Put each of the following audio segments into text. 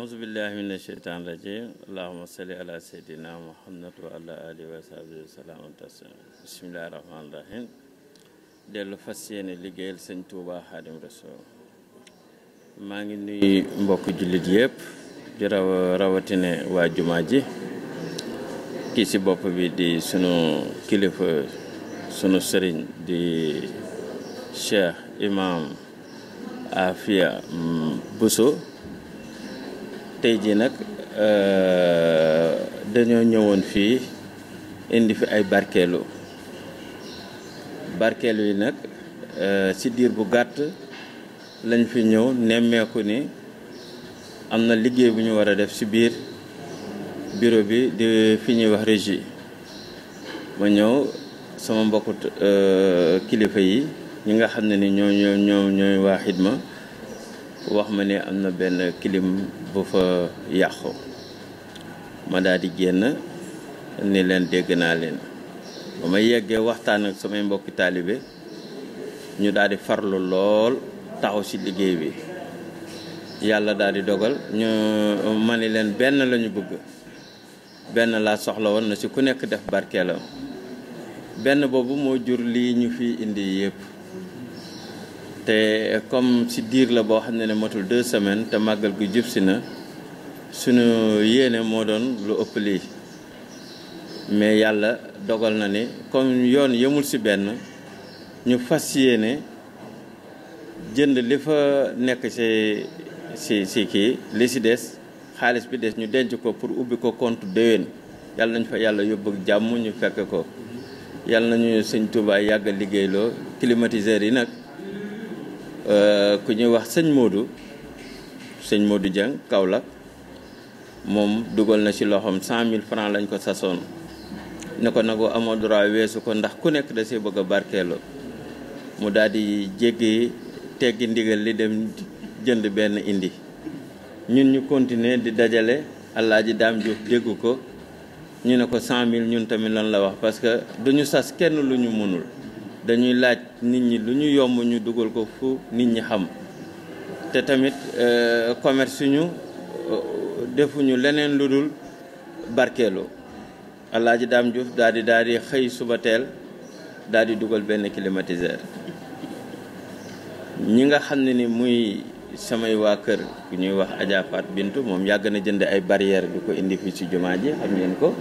auzu billahi min asheytan rajim allahuma salli maa ngi nuyu mbokk jullit yëpp di raw waa jumaa ji kii si bopp bi di sunu kilifa sunu sëriñ di cheikh imam Afia Bousso tey jii nag euh, dañoo ñëwoon fii indi fi ay barkeelu barkeelu yi nag ci euh, diir bu gàtt lañ fi ñëw nemmeeku ni am na liggéey bu ñu war a def ci biir bureau bi di fi ñuy wax régi ma ñëw sama mbokku euh, kilifa yi ñi nga xam ne ni ñoo ñoo ñoo ñooy waa xidma wax ma ne am na benn kilim bu fa yàqu ma daal di génn ni leen dégg naa leen ba ma yeggee waxtaan ak samay mbokki taalibe ñu daal di farlu lool taxaw ci liggéey bi yàlla daal di dogal ñu ma ni leen benn lañu bëgg benn laa soxla woon na si ku nekk def barkeelam benn boobu moo jur li ñu fi indi yépp te comme si diir la boo xam ne ne matul deux semaines te màggal gu jub si na sunu yéene moo doon lu ëpp lii mais yàlla dogal na ni comme yoon yëmul si benn ñu fas yéene jënd li fa nekk si si si kii li si des xaalis bi des ñu denc ko pour ubbi ko compte déwén yàlla nañ fa yàlla yóbbu jàmm ñu fekk ko yàlla nañu sëñ Tuubaa yàgg liggéeyloo climatiseur yi nag Euh, ku ñuy wax sëñ Modou sëñ Modou Dieng Kaolack moom dugal na ci loxoom cent mille francs lañ ko sasoon ne ko nagu amoo droit weesu ko ndax ku nekk da see bëgg a barkeeloo mu daal di jéggi teggi ndigal li dem jënd benn indi ñun ñu continuer di dajale ji Daam Juuf dégg ko ñu ne ko cent mille ñun tamit lan la wax parce que duñu sas kenn lu ñu mënul dañuy laaj nit ñi lu ñu yomb ñu dugal ko fu nit ñi xam te tamit euh, commerce ñu euh, defuñu leneen lu dul barkeeloo Alaaji Daam Diouf daal di daal di xëy suba teel daal di dugal benn climatiseur ñi nga xam ne ni muy samay waa kër bu ñuy wax Adja bint moom yàgg na jënd ay barrière di ko indi fii ci jumaa ji ak ngeen ko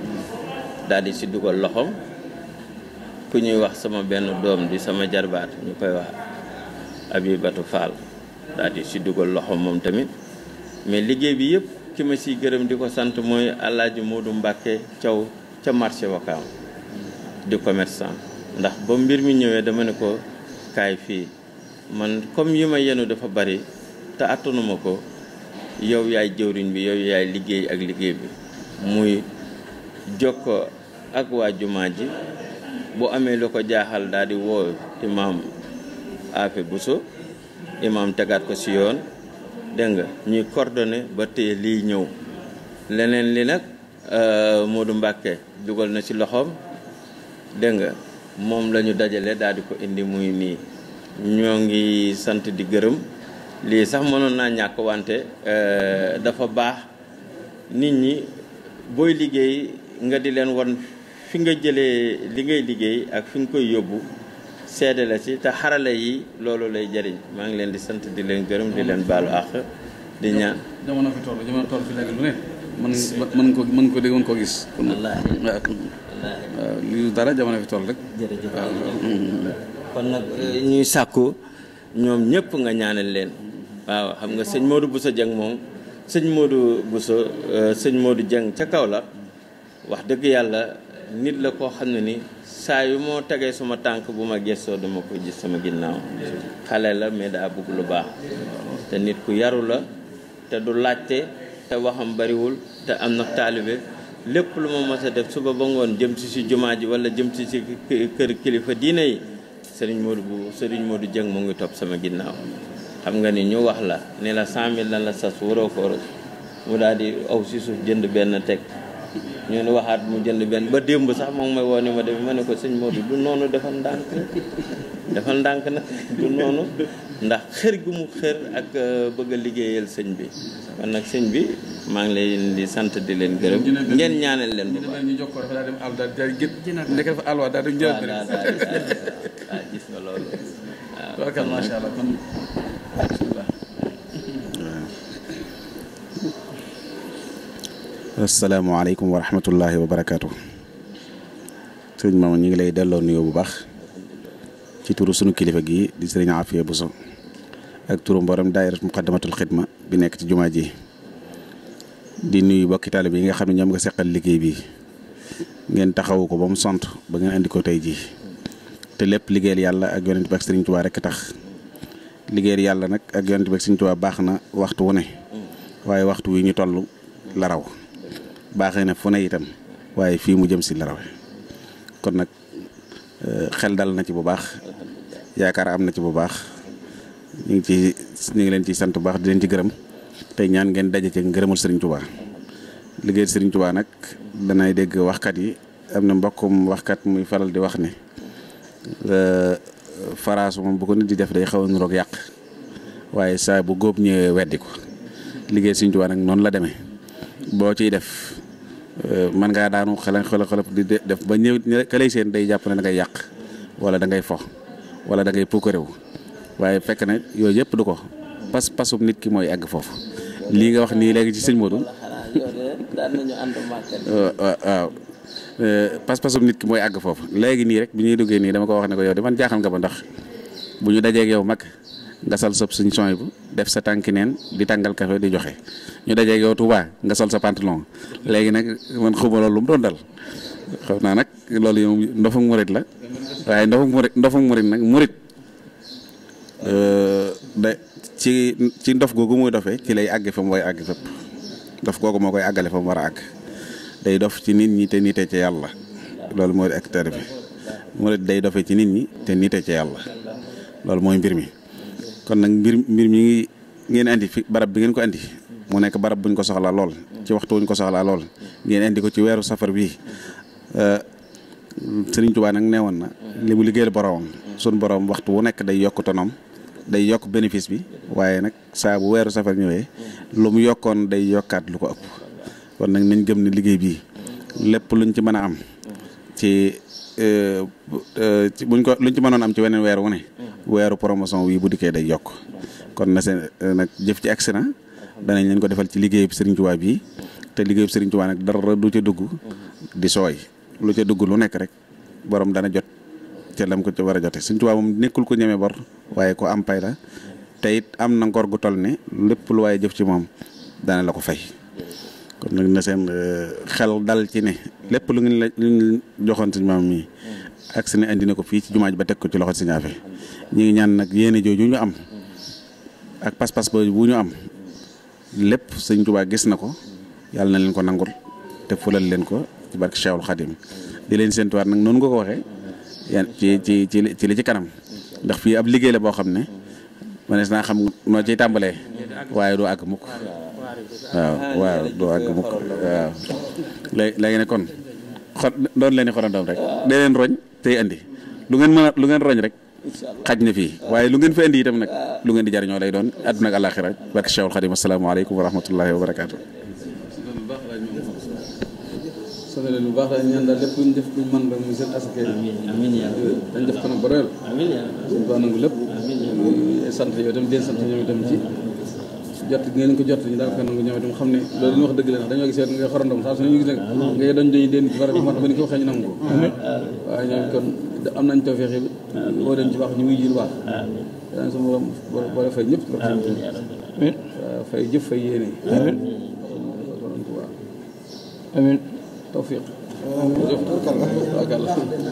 daal di si dugal loxoom ku ñuy wax sama benn doom di sama jarbaat ñu koy wax Abibatu Fall daal di si dugal loxo moom tamit mais liggéey bi yëpp ki ma siy gërëm di ko sant mooy Alaaji du Mbàkke Caw ca marché Wakaam di commerçant ndax ba mbir mi ñëwee dama ne ko kaay fii man comme yi ma yenu dafa bari te attanuma ko yow yaay jëwriñ bi yow yaay liggéey ak liggéey bi muy jokko ak waa jumaa ji bu amee lu ko jaaxal daal di woo imaam Afe Buso imaam tegaat ko ci yoon dégg nga ñuy coordonné ba tey lii ñëw leneen li nag euh, Modou Mbàkke dugal na ci loxoom dégg nga moom lañu dajale daal di ko indi muy nii ñoo ngi sant di gërëm lii sax mënoon naa ñàkk wante euh, dafa baax nit ñi booy liggéey nga di leen won fi nga jëlee li ngay liggéey ak fi nga koy yóbbu seede la ci te xarala yi loolu lay jariñ maa ngi leen di sant di leen gërëm di leen baalu àq di ñaan. jamono fi toll mën mën ko mën ko dégg mën ko gis. wallaahi dara jamono fi toll rek. kon nag eh, ñuy sàkku ñoom ñëpp nga ñaanal leen. waaw xam nga sëñ Modou Bousso Dieng moom sëñ Modou Bousso eh, sëñ Modou Dieng ca kaw la wax dëgg yàlla. nit la koo xam ne ni saa yu moo tegee suma tànk bu ma gëstoo dama ko gis sama ginnaaw xale la mais daa bëgg lu baax te nit ku yaru la te du laajte te waxam bariwul te am na taalibe lépp lu ma mës def suba ba ngoon jëm si si jumaa ji wala jëm si si kër kilifa diine yi moo Modou bu moo Modou Dieng mu ngi topp sama ginnaaw xam nga ni ñu wax la ne la sent mille lan la sas waroo ko mu daal di aw si suuf jënd benn teg ñu ne waxaat mu jënd benn ba démb sax moom may woo ni ma def ma ne ko sëñ Modou du noonu defal ndànk defal ndànk nag du noonu ndax xër gu mu xër ak euh, bëgg a liggéeyal sëñ bi kon nag sëñ bi maa ngi leen di sant di leen gërëm ngeen ñaanal leen bu ñu jox ko dem àll daal daal asalaamaaleykum wa rahmatullahi wa barakaatu. sëriñ Maama ñu ngi lay delloo nuyoo bu baax ci turu sunu kilifa gi di sëriñ Afia Bousso ak turu mboolem daayira muqaddamatul xidma bi nekk ci jumaa ji di nuyu bokki taalib yi nga xam ne ñoom nga seqal liggéey bi ngeen taxawu ko ba mu sont ba ngeen indi ko tey jii te lépp liggéeyal yàlla ak yonent bi ak sëriñ Tuubaa rek tax liggéeyal yàlla nag ak yonent bi ak baax na waxtu wu ne waaye waxtu wi ñu toll la raw baaxe na fu ne itam waaye fii mu jëm si la kon nag euh, xel dal na ci bu baax yaakaar am na ci bu baax ñu ngi ci ñu ngi leen ciy sant bu baax di leen ci gërëm tey ñaan ngeen daje ci ngërëmul Serigne Touba liggéey Serigne Touba nag danay dégg waxkat yi am na mbokkum waxkat muy faral di wax ne faraasu moom bu ko nit di def day xaw a niroog yàq waaye saa bu góob ñëwee weddi ko liggéey Serigne Touba nag noonu la demee boo ciy def Euh, man ngaa daanu xelan xela xelop di def ba ñëw ka lay seen day jàpp ne da yàq wala da ngay fo wala da ngay pukkaréw waaye fekk na yooyu yëpp du ko pas pasum nit ki mooy àgg foofu lii nga wax nii léegi ci sëñ Modou waaw euh, pas pasum nit ki mooy àgg foofu léegi nii rek bi ñuy duggee nii dama ko wax ne ko yow de man jaaxal nga ba ndax bu ñu dajee dajeeg yow mag nga sol sa suñu bu def sa tànki neen di tàngal café di joxe ñu dajeeg yow Touba nga sol sa pantalon léegi nag man xuma loolu lu mu doon dal xam naa nag loolu yow ndofu murit la waaye ndofu murit ndofu murit nag murit euh, da ci ci ndof googu muy dofee ci lay àgg fa mu koy àgg fépp dof googu moo koy àggale fa mu war a àgg day dof ci nit ñi te nite ci yàlla loolu mooy acteur bi murit day dofe ci nit ñi te nite ci yàlla loolu mooy mbir mi kon nag mbir mbir mi ngi ngeen andi fi barab bi ngeen ko andi mu nekk barab buñ ko soxla lool ci waxtu wuñ ko soxlaa lool ngeen andi ko ci weeru safar bii Sëriñ Tuubaa nag neewoon na li mu liggéeyal boromam sun borom waxtu wu nekk day yokk tonom day yokk bénéfice bi waaye nag saa bu weeru safar ñëwee lu mu yokkoon day yokkaat lu ko ëpp kon nag nañ gëm ne liggéey bi lépp luñ ci mën a am ci Euh, euh, buñ ko luñ ci mënoon am ci weneen weer wu ne. weeru promotion wi bu dikkee day yokk. kon na seen euh, nag jëf ci accident. danañ leen ko defal ci liggéeyub Serigne Touba bi te liggéeyub Serigne Touba nag dara du dugg. di sooy lu ca dugg lu nekk rek borom dana jot te lam ko ci war a jote Serigne Touba moom nekkul ko ñemee bor waaye ko am pay la te it am na ngor gu toll ne lépp lu waaye jëf ci moom dana la ko fay. kon nag na seen xel dal ci ne lépp lu ngeen la joxoon suñu maam mii ak si ne ko fii ci jumaa ba teg ko ci loxo Sëñ Afe ñu ngi ñaan nag yéene jooju ñu am ak pas-pas boobu bu ñu am lépp Sëñ Tuubaa gis na ko yàlla na leen ko nangul te fulal leen ko ci barke Cheikhul Khadim di leen séentuwaat nag noonu nga ko waxee ci ci ci ci li ci kanam ndax fii ab liggéey la boo xam ne manees naa xam noo ci tàmbalee waaye doo àgg mukk waaw doo àgg mukk waaw léegi nag kon xo doon leen i xorandoom rek da leen roñ te andi lu ngeen a lu ngeen roñ rek xaj na fii waaye lu ngeen fi andi itam nag lu ngeen di jariñoo lay doon àdduna ak àllaaxira barke Cheikhul Xadim asalaamaaleykum wa rahmatullahi wa barakaatu sëñ bi lu baax la ñaan daal lépp lu ñu def lu mën rek muy seen askan wi. ba doyal. amiin yaa dañ ko jot dinañ ko jot ñu daal ko nangu ñëw xam ne loolu ñu wax dëgg la ndax dañoo gis nga xorandom saa su ne ñu gis nag ngay doon dañuy dénn ci barab bi moo tax ba ni ko waxee ñu nangu ko waaye ñoom kon am nañ tawfeex bi boo dem ci baax ñu wuy ji lu baax fay jëf fay yéene amiin